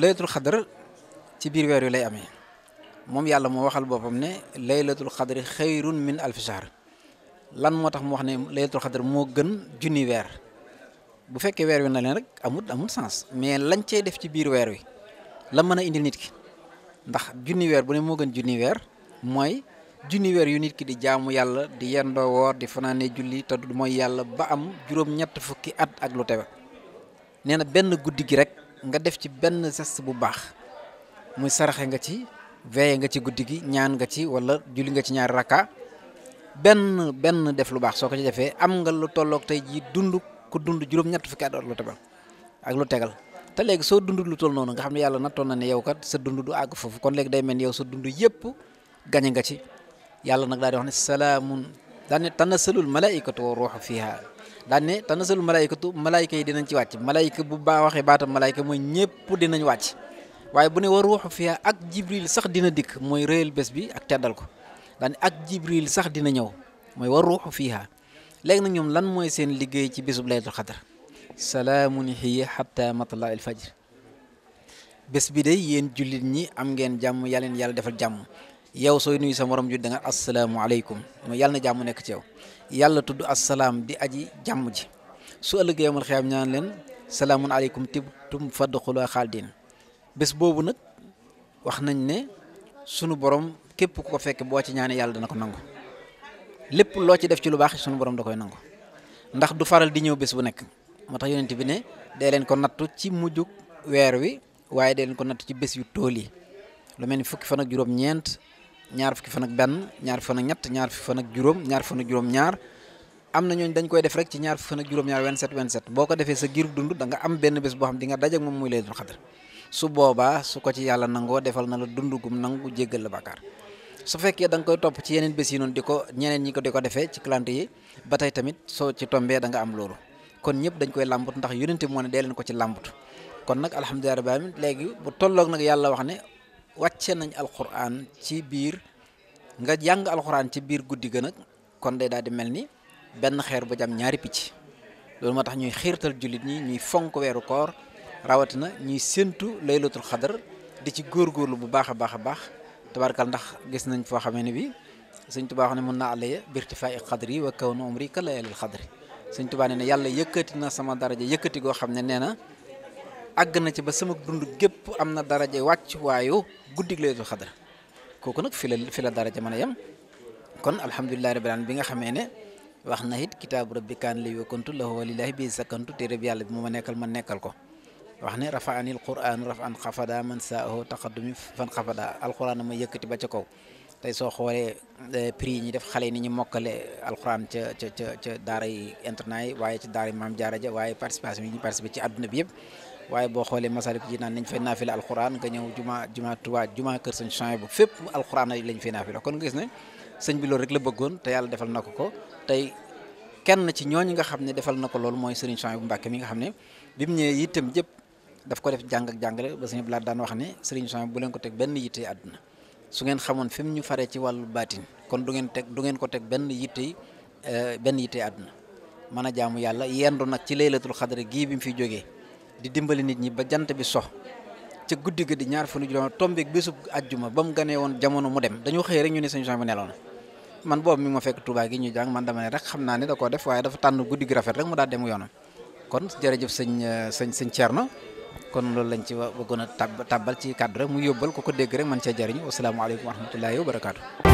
laylatul xadar ci biir weer wi lay amee moom yàlla moo waxal boppam ne laylatul xadri xayrun min alfi lan moo tax mu wax ne laylatul xadar moo gën junni weer bu fekkee weer wi na leen rek amut amut sens mais lañ cee def ci biir weer wi la mën a indi nit ki ndax junni weer bu ne moo gën junni weer mooy junni weer yu nit ki di jaamu yàlla di yendoo woor di fanaane julli te du mooy yàlla ba am juróom-ñett fukki at ak lu tewe nee benn guddi gi rek nga def ci benn geste bu baax muy saraxe nga ci veillé nga ci guddi gi ñaan nga ci wala julli nga ci ñaari rakka benn benn def lu baax soo ko ci defee am nga lu tollook tey jii dund ku dund juróom-ñett fukki at lu tegal ak lu tegal te léegi soo dund lu toll noonu nga xam ne yàlla nattoon na ne yow kat sa dund du àgg foofu kon léegi day mel ni yow sa dund yëpp gañe nga ci yàlla nag daal di wax ne salaamun daan ne tanazzalul malaikatu wa ruuhu fiha daan ne tanazzalul malaayikatu malaayika yi dinañ ci wàcc malaayika bu baa waxee baatam malaayika mooy ñëpp dinañ wàcc waaye bu ne war ruuxu fiya ak jibril sax dina dikk mooy réyal bés bi ak teddal ko daan ak jibril sax dina ñëw mooy wa ruuxu fiha léegi nag ñoom lan mooy seen liggéey ci bésub laylatul xadar salaamun hiya xatta matla il fajr bés bi de yéen jullit ñi am ngeen jàmm yàlla yàlla defal jàmm yow sooy nuyu sa morom ju da nga asalaamaaleykum mooy yàlla na jàmm nekk ci yow yàlla tudd asalaam di aji jàmm ji su ëllëgee yomal xiyaam ñaan leen salaamun aleykum tibtum fadxulaa xaaldin bés boobu nag wax nañ ne sunu borom képp ku ko fekk boo ci ñaanee yàlla dana ko nangu lépp loo ci def ci lu baax sunu boroom da koy nangu ndax du faral di ñëw bés bu nekk moo tax yonent bi ne dee leen ko nattu ci mujjug weer wi waaye dee leen ko nattu ci bés yu tool yi lu mel ni fukki fan ak ñaar fukki fan benn ñaar fukki fan ñett ñaar fukki fan juróom ñaar am na ñooñ dañ koy def rek ci ñaar fukki fan ak juróom-ñaar 27 27 boo ko defee sa giir dund da am benn bés boo xam di nga daje moom muy laylatul na la dund gum nangu jéggal la bàkkaar su fekkee koy topp ci yeneen bés yi noonu di ko ñeneen ñi ko di ko defee ci calendrier yi ba tey tamit soo ci tombee da nga am loolu kon ñëpp dañ koy làmbut ndax yonente moo ne dee leen ko ci làmbut kon nag alhamdulilah rabbil alamin léegi bu tolloog nag yàlla wax ne wàcce nañ alxuraan ci biir nga jàng alxuraan ci biir guddi ga kon dey daal di mel ni benn xeer bu jam ñaari picc loolu moo tax ñuy xiirtal jullit ñi ñuy fonk weeru koor rawatina ñuy séntu laylatul xadar di ci góor góorgóorlu bu baax a baax a baax tabarkal ndax gis nañ foo xamee ne bi sëñ tubaa xam ne mun naa àllaye birtifaa'i xadri wa kawnu umri ka layalil xadri sëñ tubaa nee na yàlla yëkkati na sama daraja yëkkati goo xam ne nee na àgg na ci ba sama dund gépp am na daraje wàcc waayu guddig Laylatul Qadr kooku nag fi la fi la daraja mën yam kon alhamdulillahi rabbil bi nga xamee ne wax na it kitaabu rabbi kaan li wakuntu lahu walillahi bi sakantu téere bi yàlla bi mu ma nekkal ma nekkal ko wax ne rafa anil quraan rafa an xafada man saaho taqaddumi fan xafada alquran ma yëkkati ba ca kaw tey soo xoolee eh, prix yi ñi def xale ni ñu mokkale alxuraan ca ca ca ca daara yi internat yi waaye ci daara maam jaara ja waaye participation yi ñu participé ci àdduna bi yëpp waaye boo xoolee masalik ji naan nañ fay naafila alquran nga ñëw juma juma Tuubaa juma kër sëñ Chouaïb bu fépp alquran lañ fay naafila kon nga gis ne sëñ bi loolu rek la bëggoon te yàlla defal na ko ko tey kenn ci ñooñu nga xam ne defal na ko loolu mooy sëriñ Chouaïb bu Mbàkke mi nga xam ne bi mu ñëwee yittam jëpp daf ko def jàng ak jàngale ba sëñ bi laa daan wax ne sëriñ Chouaïb bu leen ko teg benn yitte àdduna su ngeen xamoon fi mu ñu faree ci wàllu baatin kon du ngeen teg du teg benn yitte eh, benn yitte àdduna mën a jaamu yàlla yendu nag ci laylatul xadri gii bi mu fi jógee di dimbali nit ñi ba jant bi sox ca guddi gi di ñaar fanu juróom tombeeg bésub ajjuma ba mu ganee woon jamono mu dem dañoo xëy rek ñu ne sëñ Souhaïbou neloon man boobu mi ma fekk Touba gi ñu jàng man dama ne rek xam naa ne da koo def waaye dafa tànn guddi gi rafet rek mu daa dem yoonam kon jërëjëf sëñ sëñ sëñ Thierno kon loolu lañ ci bëggoon a tab tabbal ci kàddu rek mu yóbbal ko ko dégg rek man cee jëriñu wasalaamaaleykum wa rahmatullahi wa barakaatu.